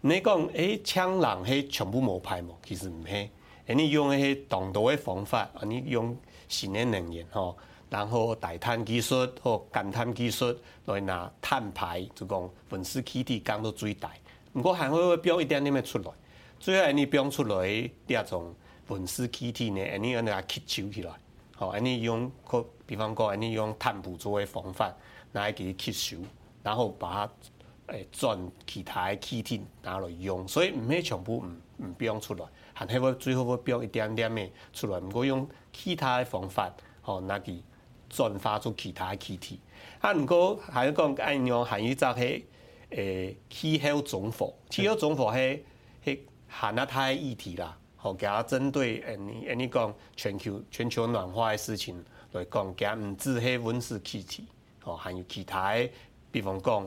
你講誒、欸、槍人係全部冇排嘛？其實唔係，誒你用係當毒嘅方法，你用新嘅能源吼，然後低碳技術或減碳技術來拿碳排，就講溫室氣體降到最大。唔過還會會標一點點咪出來，最後你標出來呢一種溫室氣體呢，誒你要嚟吸收起來，好，你用可比方講，你用碳捕捉嘅方法來佢吸收，然後把它。誒轉其他嘅氣體拿來用，所以唔可以全部唔唔標出來，係希望最好可以標一點點嘅出來，唔可以用其他嘅方法，哦，嗱佢轉化出其他嘅氣體，啊，唔過係講緊用含、那個欸、有雜氣、誒氣候總火，氣候、嗯、總火係係限得太異體啦。好，而家針對誒你誒你講全球全球暖化嘅事情來講，而家唔止係溫室氣體哦，含有其他嘅，比方講。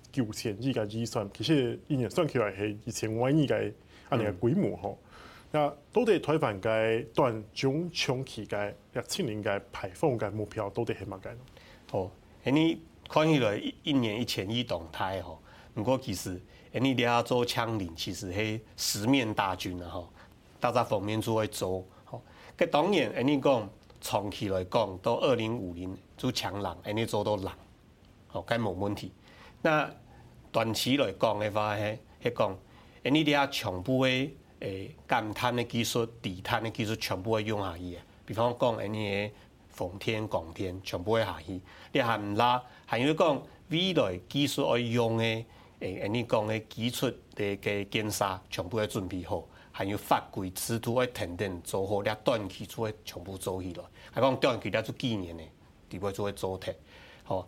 九千億個預算，其實一年算起來是一千萬億個安尼個規模吼。那都得台灣嘅短中長期嘅淨零嘅排放嘅目標都得係萬個。好，你、喔、看起來一年一千億動態吼，不過其實你，你底下做搶人其實係十面大軍啊！吼，大家方面做一做，好，佮當然你，你講長期來講到二零五零做搶人，你做到人好，該冇問題。那短期內講的話，係係講，A 呢啲全部嘅誒減碳嘅技術，低碳嘅技術全部要用下去嘅。比方講 A 呢個風電、光電全部會下去。你係唔拉，係要講未來技術要用嘅誒 A 講講嘅基礎嚟嘅建設全部要準備好，還有法規制度要訂定做好。你短期做嘅全部做起來。我講短期咧做紀念嘅，主要做嘅做題，好。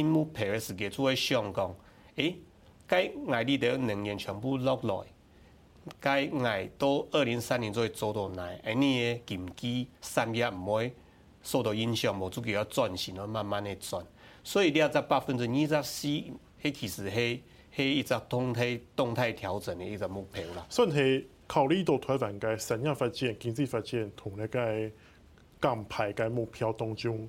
目標配合時間作為相公誒，該外地的能源、欸、全部落來，該外到二零三零做會做到來，哎，你嘅經濟產業唔會受到影響，無就叫要轉型，要慢慢的轉。所以你要在百分之二十四，嘿，其實嘿嘿，一個動態動態調整的一個目標啦。算是考慮到台灣嘅產業發展、經濟發展同那個港牌嘅目標當中。